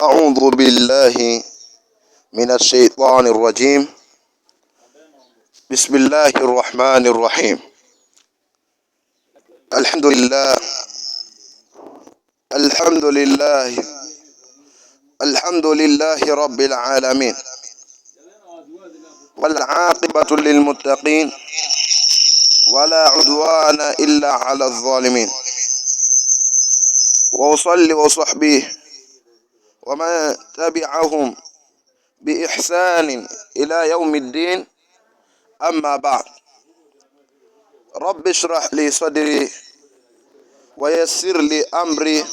أعوذ بالله من الشيطان الرجيم بسم الله الرحمن الرحيم الحمد لله الحمد لله الحمد لله رب العالمين والعاقبة للمتقين ولا عدوان إلا على الظالمين وأصلي وصحبه ومن تبعهم بإحسان إلى يوم الدين أما بعد رب اشرح لي صدري ويسر لي أمري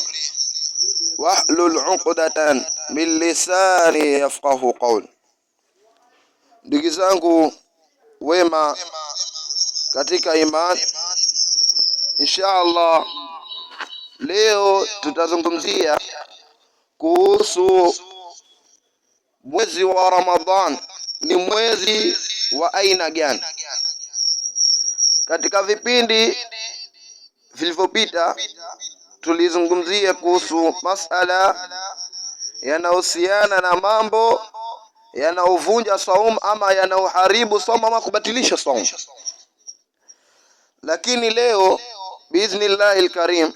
واحلل عقدة من لساني يفقه قول ndugu zangu wema katika إن insha Allah Leo tutazungumzia kuhusu mwezi wa Ramadhan. Ni mwezi wa aina gani? Katika vipindi vilivyopita tulizungumzia kuhusu masala yanayohusiana na mambo yanayovunja saum ama yanayoharibu saum ama kubatilisha saum, lakini leo biidhnillahi lkarim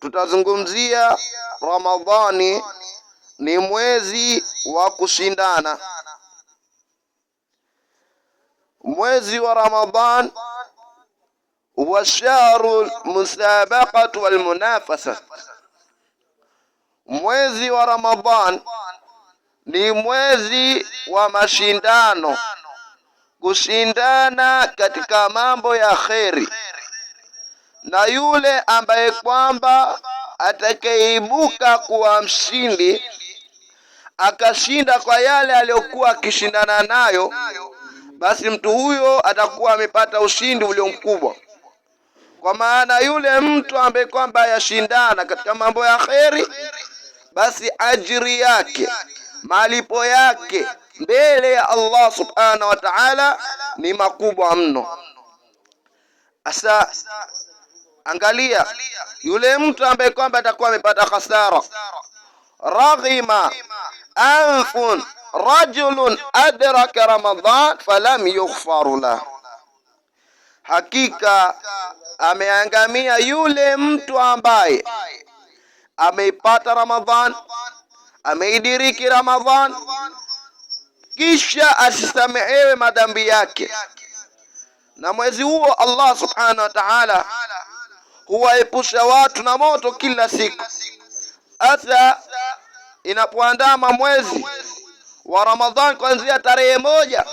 tutazungumzia Ramadhani ni mwezi wa kushindana. Mwezi wa Ramadhan wa shahru musabaqati wal munafasa, mwezi wa Ramadhan ni mwezi wa mashindano, kushindana katika mambo ya kheri na yule ambaye kwamba atakayeibuka kuwa mshindi akashinda kwa yale aliyokuwa akishindana nayo, basi mtu huyo atakuwa amepata ushindi ulio mkubwa. Kwa maana yule mtu ambaye kwamba yashindana katika mambo ya kheri, basi ajiri yake malipo yake mbele ya Allah subhanahu wa ta'ala ni makubwa mno. Asa Angalia yule mtu ambaye kwamba atakuwa amepata khasara. Raghima anfun rajulun adraka Ramadhan falam yughfaru lah, hakika ameangamia yule mtu ambaye ameipata Ramadhan, ameidiriki Ramadhan, kisha asisamehewe madhambi yake na mwezi huo Allah subhanahu wa ta'ala huwaepusha watu na moto kila siku. Hasa inapoandama mwezi wa Ramadhan, kuanzia tarehe moja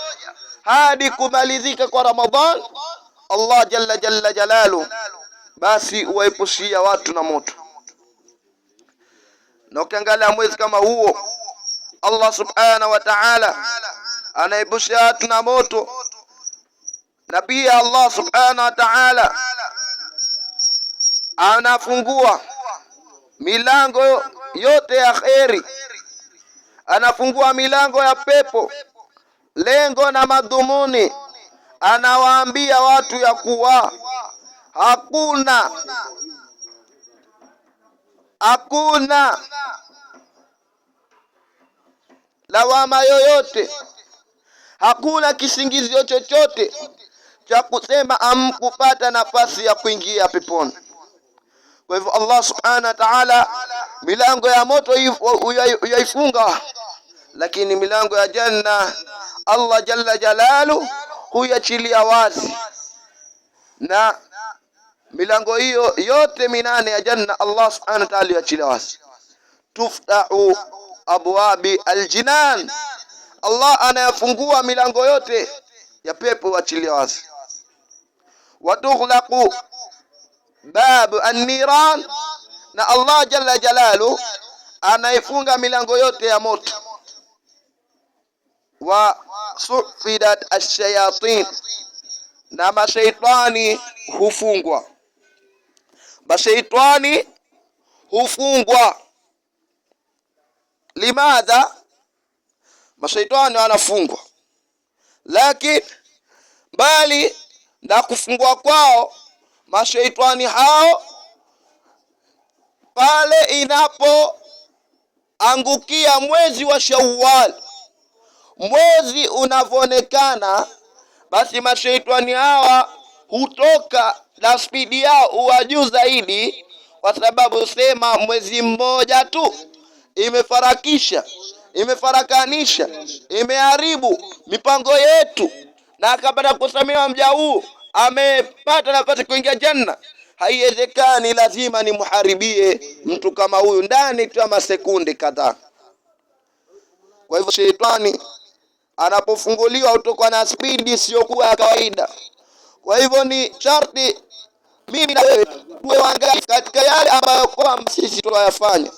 hadi kumalizika kwa Ramadhan, Allah jalla jalla jalalu basi huwaepushia watu na moto. Na ukiangalia mwezi kama huo, Allah subhanahu wa ta'ala anaepusha watu na moto, na pia Allah subhanahu wa ta'ala anafungua milango yote ya kheri, anafungua milango ya pepo. Lengo na madhumuni, anawaambia watu ya kuwa hakuna hakuna lawama yoyote, hakuna kisingizio chochote cha kusema amkupata nafasi ya kuingia peponi. Kwa hivyo Allah subhanahu wa ta'ala milango ya moto huyaifunga, lakini milango ya janna Allah jalla jalalu huyachilia wazi, na milango hiyo yote minane ya janna Allah subhanahu wa ta'ala huyachilia wazi. Tuftahu abwabi aljinan, Allah anayafungua milango yote ya pepo huachilia wazi. Watukhlaqu babu anniran, na Allah jalla jalalu anaifunga milango yote ya moto. Wa sufidat ashayatin, na mashaitani hufungwa, mashaitani hufungwa. Limadha mashaitani wanafungwa, lakini mbali na kufungwa kwao mashaitani hao pale inapoangukia mwezi wa Shawwal, mwezi unavyoonekana, basi mashaitani hawa hutoka na spidi yao huwa juu zaidi, kwa sababu sema mwezi mmoja tu imefarakisha, imefarakanisha, imeharibu mipango yetu, na akapata kusamewa mja huu amepata nafasi kuingia janna? Haiwezekani, lazima nimharibie mtu kama huyu ndani tu ama sekunde kadhaa. Kwa hivyo shetani anapofunguliwa hutoka na spidi isiyokuwa ya kawaida. Kwa hivyo ni sharti mimi na wewe tuwe wangalifu katika yale ambayo kwamba sisi tunayafanya.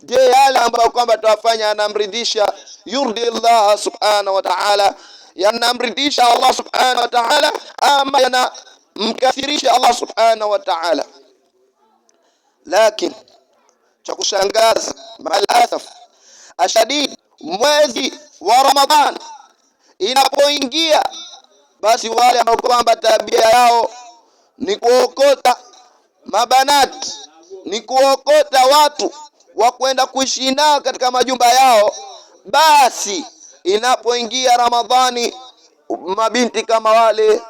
Je, yale ambayo kwamba tunayafanya anamridhisha yurdi Allah subhanahu wa ta'ala yanamridhisha Allah subhanahu wa ta'ala, ama yanamkathirisha Allah subhanahu wa ta'ala. Lakini cha kushangaza, maalasaf ashadid, mwezi wa Ramadhan inapoingia, basi wale ambao kwamba tabia yao ni kuokota mabanati, ni kuokota watu wa kwenda kuishi nao katika majumba yao, basi Inapoingia Ramadhani, mabinti kama wale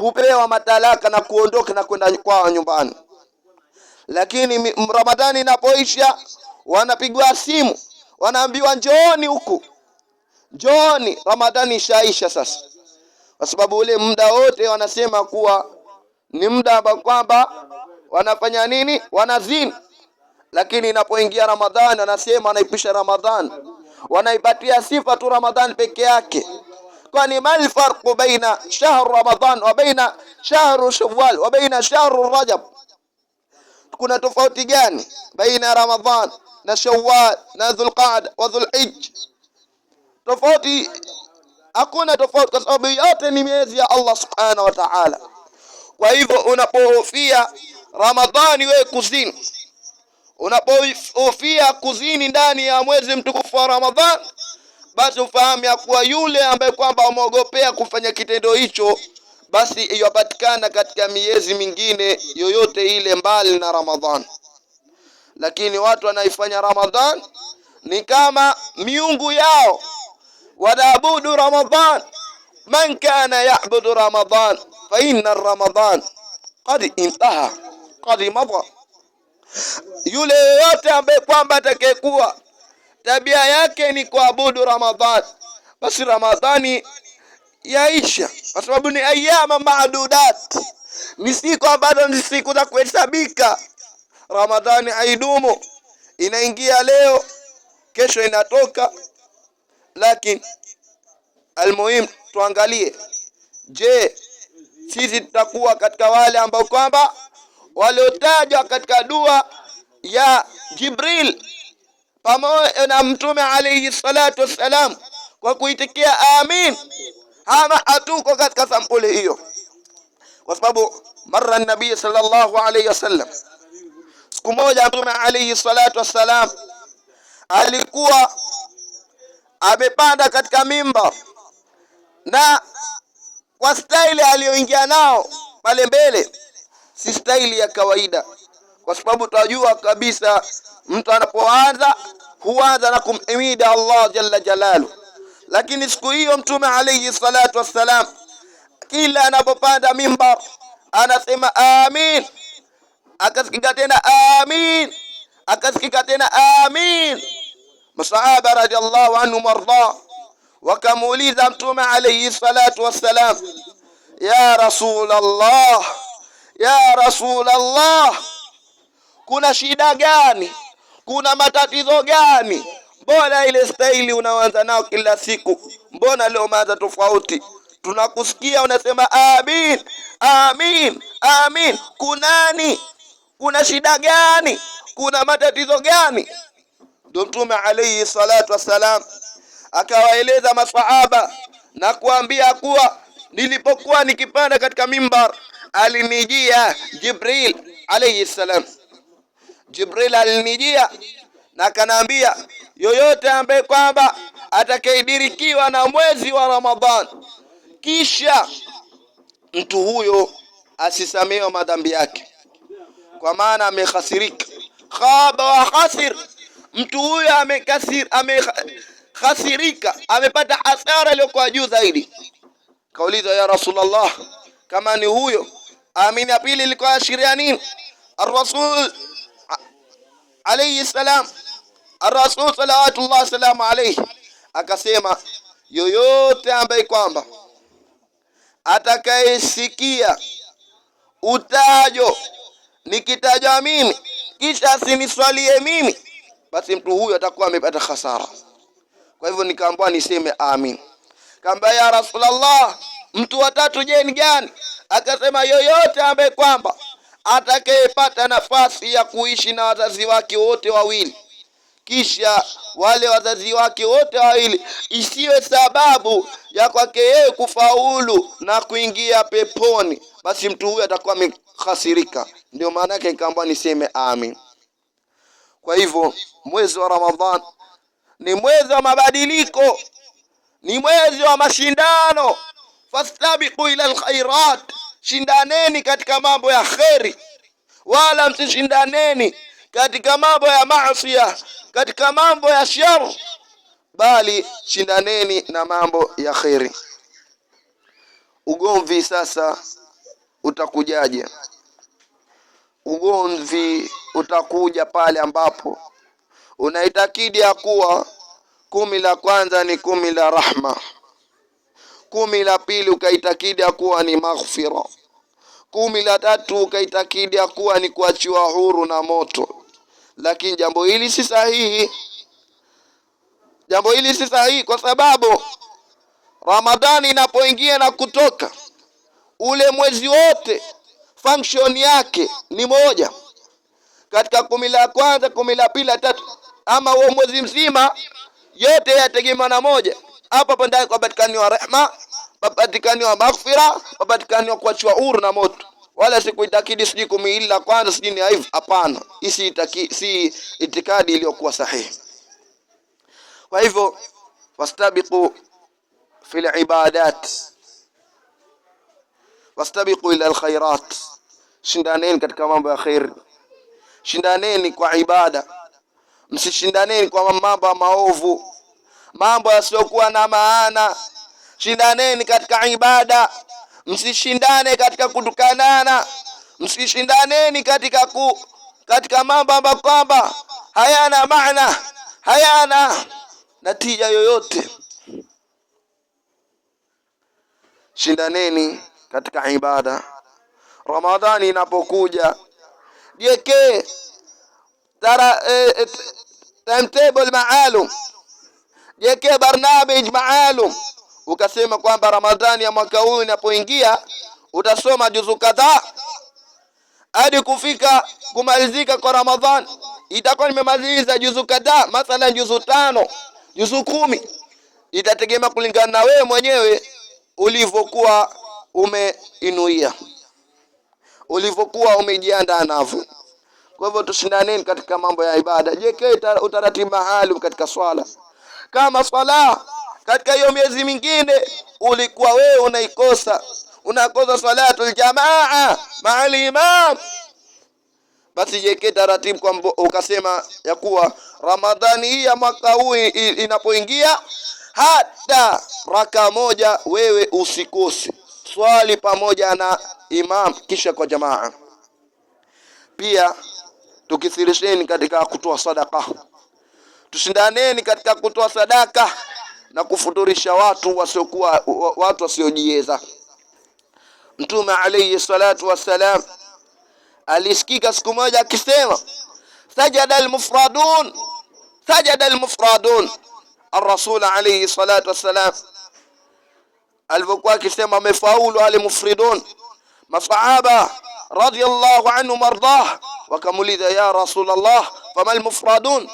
hupewa matalaka na kuondoka na kwenda kwao nyumbani, lakini Ramadhani inapoisha wanapigwa simu, wanaambiwa njooni huku, njooni, Ramadhani ishaisha sasa, kwa sababu ule muda wote wanasema kuwa ni muda ambao kwamba wanafanya nini? Wanazini. Lakini inapoingia Ramadhani wanasema wanaipisha Ramadhani wanaipatia sifa tu Ramadhan peke yake, kwani mal farqu baina shahru Ramadhan wa baina shahru Shawwal wa baina shahru Rajab, kuna tofauti gani baina ya Ramadhan na Shawwal na Dhulqaada wa Dhulhijja? Tofauti hakuna tofauti, kwa sababu yote ni miezi ya Allah subhanahu wa ta'ala. Kwa hivyo unapohofia Ramadhani wewe kuzini Unapohofia kuzini ndani ya mwezi mtukufu wa Ramadhan, basi ufahamu ya kuwa yule ambaye kwamba umeogopea kufanya kitendo hicho, basi iwapatikana katika miezi mingine yoyote ile mbali na Ramadhan. Lakini watu wanaifanya Ramadhan ni kama miungu yao, wanaabudu Ramadhan. Man kana yaabudu Ramadhan fa inna Ramadhan qad intaha qad madha yule yoyote ambaye kwamba atakayekuwa tabia yake ni kuabudu Ramadhani, basi Ramadhani yaisha, kwa sababu ni ayama maadudat, ni siku ambazo ni siku za kuhesabika. Ramadhani haidumu, inaingia leo, kesho inatoka. Lakini almuhimu tuangalie, je, sisi tutakuwa katika wale ambao kwamba waliotajwa katika dua ya Jibril pamoja na Mtume alayhi salatu wassalam kwa kuitikia amin. Hama hatuko katika sampuli hiyo, kwa sababu mara nabii sallallahu alayhi wasallam, siku moja Mtume alayhi salatu wassalam alikuwa amepanda katika mimba na kwa staili aliyoingia nao pale mbele si staili ya kawaida, kwa sababu tunajua kabisa mtu anapoanza huanza na kumhimida Allah jalla jalalu. Lakini siku hiyo Mtume alayhi salatu wassalam kila anapopanda mimbar anasema amin, akasikika tena amin, akasikika tena amin. Masahaba radhiallahu anhum warda wakamuuliza Mtume alayhi salatu wassalam, ya rasul Allah ya Rasulallah, kuna shida gani? Kuna matatizo gani? Mbona ile staili unaanza nao kila siku, mbona leo umeanza tofauti? Tunakusikia unasema amin amin amin. Kunani? Kuna shida gani? Kuna matatizo gani? Ndio Mtume alaihi salatu wassalam akawaeleza masahaba na kuambia kuwa nilipokuwa nikipanda katika mimbar alinijia Jibril alayhi salam. Jibril alinijia na kanaambia, yoyote ambaye kwamba atakayedirikiwa na mwezi wa Ramadhan kisha mtu huyo asisamewe madhambi yake, kwa maana amekhasirika. Khaba wa khasir, mtu huyo amekasir, amekhasirika, amepata hasara iliyokuwa juu zaidi. kauliza ya Rasulullah, kama ni huyo Amin ya pili ilikuwa ashiria nini? Ar-Rasul alayhi salam, Ar-Rasul salawatullah wasalamu alayhi akasema, yoyote ambaye kwamba atakayesikia utajo nikitajwa mimi kisha asiniswalie mimi, basi mtu huyo atakuwa amepata khasara. Kwa hivyo nikaambiwa niseme amin. kamba ya Rasulullah, mtu watatu je, ni gani? Akasema yoyote ambaye kwamba atakayepata nafasi ya kuishi na wazazi wake wote wawili, kisha wale wazazi wake wote wawili isiwe sababu ya kwake yeye kufaulu na kuingia peponi, basi mtu huyo atakuwa amekhasirika. Ndio maana yake nikaambiwa niseme amin. Kwa hivyo mwezi wa Ramadhan ni mwezi wa mabadiliko, ni mwezi wa mashindano, fastabiqu ila alkhairat Shindaneni katika mambo ya kheri, wala msishindaneni katika mambo ya maasia, katika mambo ya shar, bali shindaneni na mambo ya kheri. Ugomvi sasa utakujaje? Ugomvi utakuja pale ambapo unaitakidi ya kuwa kumi la kwanza ni kumi la rahma Kumi la pili ukaitakidi kuwa ni maghfira. Kumi la tatu ukaitakidi kuwa ni kuachiwa huru na moto. Lakini jambo hili si sahihi, jambo hili si sahihi kwa sababu Ramadhani inapoingia na kutoka, ule mwezi wote function yake ni moja katika kumi la kwanza, kumi la pili, la tatu, ama huo mwezi mzima, yote yategemea na moja. Hapa pandaye papatikaniwa rehma, papatikaniwa maghfira, papatikaniwa kuachiwa huru na moto. Wala sikuitakidi sijui kumi ila kwanza sijui ni haivu. Hapana, hii si itikadi iliyokuwa sahihi. Kwa hivyo fastabiqu fil ibadat wastabiqu ila alkhairat, shindaneni katika mambo ya khair, shindaneni kwa ibada, msishindaneni kwa mambo ya maovu mambo yasiyokuwa na maana. Shindaneni katika ibada, msishindane katika kutukanana, msishindaneni katika ku, katika mambo ambayo kwamba hayana maana, hayana natija yoyote. Shindaneni katika ibada. Ramadhani inapokuja jiwekee eh, eh, timetable maalum yekea barnamij maalum, ukasema kwamba Ramadhani ya mwaka huu inapoingia utasoma juzu kadhaa hadi kufika kumalizika kwa Ramadhani. Itakuwa nimemaliza juzu kadhaa, mathalan juzu tano, juzu kumi, itategemea kulingana na wewe mwenyewe ulivyokuwa umeinuia, ulivyokuwa umejiandaa navyo. Kwa hivyo tushindaneni katika mambo ya ibada. Jiwekee utaratibu maalum katika swala kama swala katika hiyo miezi mingine ulikuwa wewe unaikosa, unakosa salatul jamaa maa limam, basi jeke taratibu kwamba ukasema ya kuwa Ramadhani hii ya mwaka huu inapoingia, hata raka moja wewe usikose, swali pamoja na imam kisha kwa jamaa. Pia tukithirisheni katika kutoa sadaka Tushindaneni katika kutoa sadaka na kufuturisha watu wasiokuwa watu wasiojiweza. Mtume alayhi salatu wassalam alisikika siku moja akisema, sajada almufradun, sajada almufradun. ar alayhi salatu wassalam alivyokuwa akisema amefaulu alimufridun, masahaba radiyallahu anhu mardah wakamuliza, ya Rasul fama famal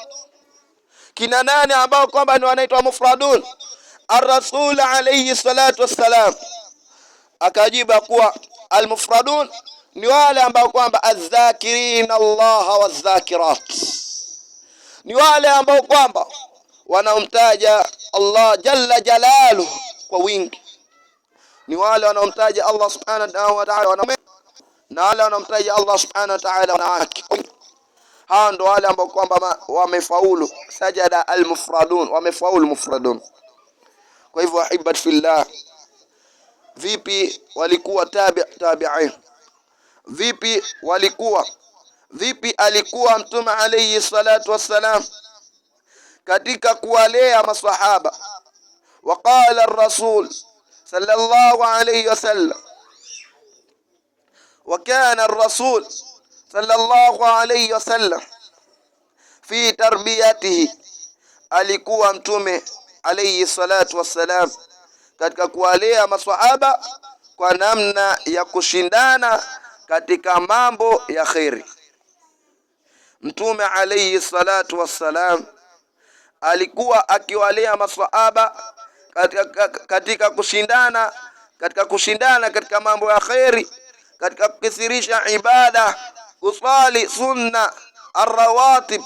kina nane ambao kwamba ni wanaitwa mufradun. ar alayhi salatu wassalam akajiba kuwa almufradun ni wale ambao kwamba adh-dhakirin Allah wadh ni wale ambao kwamba wanaomtaja Allah jalla jalaluhu kwa wingi, ni wale wanaomtaja Allah subhanahu wa ta'ala na wale wanaomtaja Allah subhanahu wa ta'ala wanawake Hawa ndo wale ambao kwamba wamefaulu sajada almufradun, wamefaulu mufradun. Kwa hivyo ahibat fillah, vipi walikuwa tabi tabi'i, vipi walikuwa vipi alikuwa Mtume alayhi salatu wassalam katika kuwalea maswahaba. Waqala ar-rasul sallallahu alayhi wasallam, wa kana ar-rasul sallallahu alayhi wasallam fi tarbiyatihi, alikuwa mtume alayhi salatu wassalam katika kuwalea maswahaba kwa namna ya kushindana katika mambo ya kheri. Mtume alayhi salatu wassalam alikuwa akiwalea maswahaba katika, katika kushindana katika kushindana katika mambo ya kheri, katika kukithirisha ibada kuswali sunna arrawatib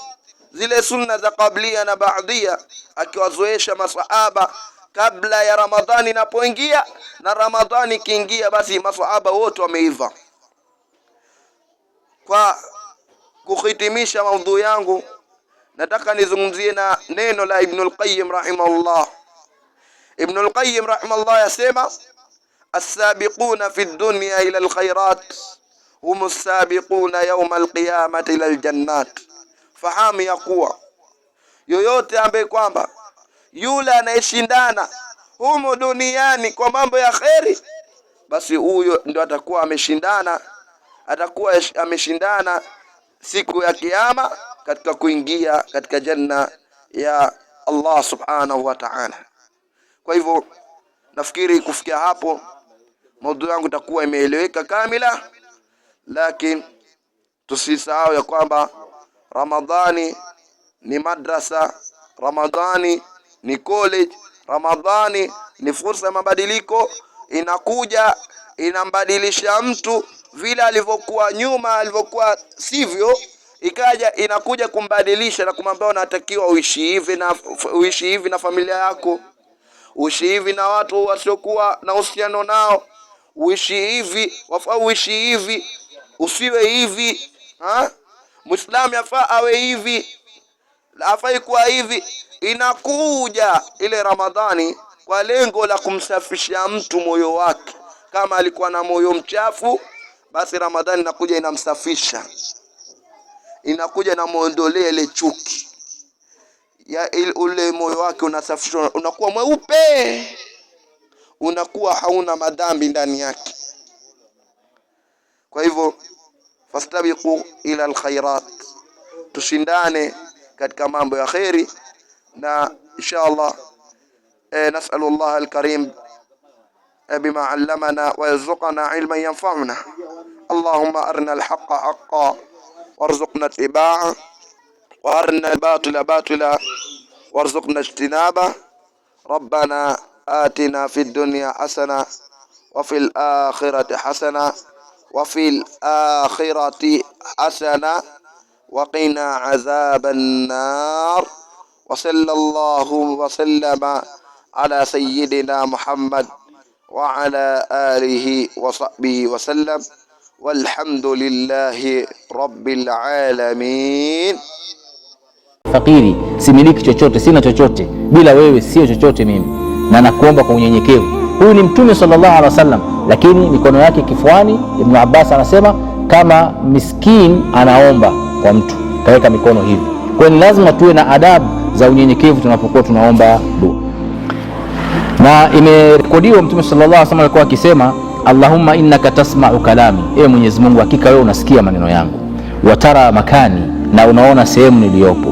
zile sunna za kablia na baadia, akiwazoesha masahaba kabla ya Ramadhani inapoingia na Ramadhani ikiingia, basi masahaba wote wameiva. Kwa kuhitimisha maudhui yangu, nataka nizungumzie na neno la Ibnul Qayyim rahimahullah. Ibnul Qayyim rahimahullah yasema, as-sabiquna fi dunya ila al-khairat hum sabiquna yauma alqiyamati ila aljannat. Fahamu ya kuwa yoyote ambaye kwamba yule anayeshindana humu duniani kwa mambo ya kheri, basi huyo ndio atakuwa ameshindana, atakuwa ameshindana siku ya Kiyama katika kuingia katika janna ya Allah subhanahu wa ta'ala. Kwa hivyo nafikiri kufikia hapo maudhui yangu itakuwa imeeleweka kamila. Lakini tusisahau ya kwamba Ramadhani ni madrasa, Ramadhani ni college, Ramadhani ni fursa ya mabadiliko. Inakuja inambadilisha mtu vile alivyokuwa nyuma, alivyokuwa sivyo, ikaja inakuja kumbadilisha na kumwambia unatakiwa uishi hivi na uishi hivi na familia yako, uishi hivi na watu wasiokuwa na uhusiano nao, uishi hivi, wafaa uishi hivi usiwe hivi ha? Muislamu yafaa awe hivi, afai kuwa hivi. Inakuja ile Ramadhani kwa lengo la kumsafisha mtu moyo wake. Kama alikuwa na moyo mchafu, basi Ramadhani inakuja inamsafisha, inakuja inamwondolea ile chuki ya ule moyo wake, unasafishwa, unakuwa mweupe, unakuwa hauna madhambi ndani yake. Kwa hivyo fastabiqu ila alkhairat, tushindane katika mambo ya kheri na insha Allah e, nasalu Allah alkarim e, bima allamana wa yarzuqana ilman yanfa'una Allahumma arina alhaqa haqqan warzuqna ittiba'ahu wa arina albatila batila warzuqna ijtinaba ربنا آتنا في الدنيا حسنة وفي الآخرة حسنة wa fil akhirati hasana wa qina adhaban nar wa sallallahu wa sallama ala sayyidina Muhammad wa ala alihi wa sahbihi wa sallam walhamdulillahi rabbil alamin. Fakiri, similiki chochote, sina chochote, bila wewe sio chochote mimi, na nakuomba kwa unyenyekevu Huyu ni Mtume sallallahu alaihi wasallam, lakini mikono yake kifuani. Ibn Abbas anasema kama miskin anaomba kwa mtu, kaweka mikono hivi. Kwa hiyo lazima tuwe na adabu za unyenyekevu tunapokuwa tunaomba dua, na imerekodiwa Mtume sallallahu alaihi wasallam alikuwa akisema Allahumma innaka tasma'u kalami, Ee Mwenyezi Mungu, hakika wewe unasikia maneno yangu, watara makani, na unaona sehemu niliyopo,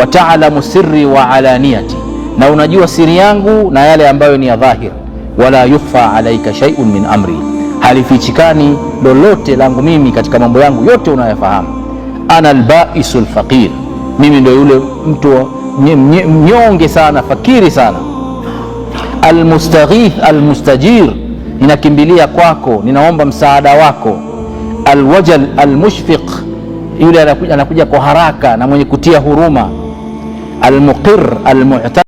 wataalamu sirri wa alaniyati, na unajua siri yangu na yale ambayo ni ya dhahiri wala yukhfa alaika shay'un min amri, halifichikani lolote langu mimi katika mambo yangu yote unayafahamu Ana albaisu lfaqir, mimi ndio yule mtu mnyonge sana, fakiri sana. Almustaghith almustajir, ninakimbilia kwako, ninaomba msaada wako. Alwajal almushfiq, yule anakuja kwa haraka na mwenye kutia huruma. Almuqir almu'ta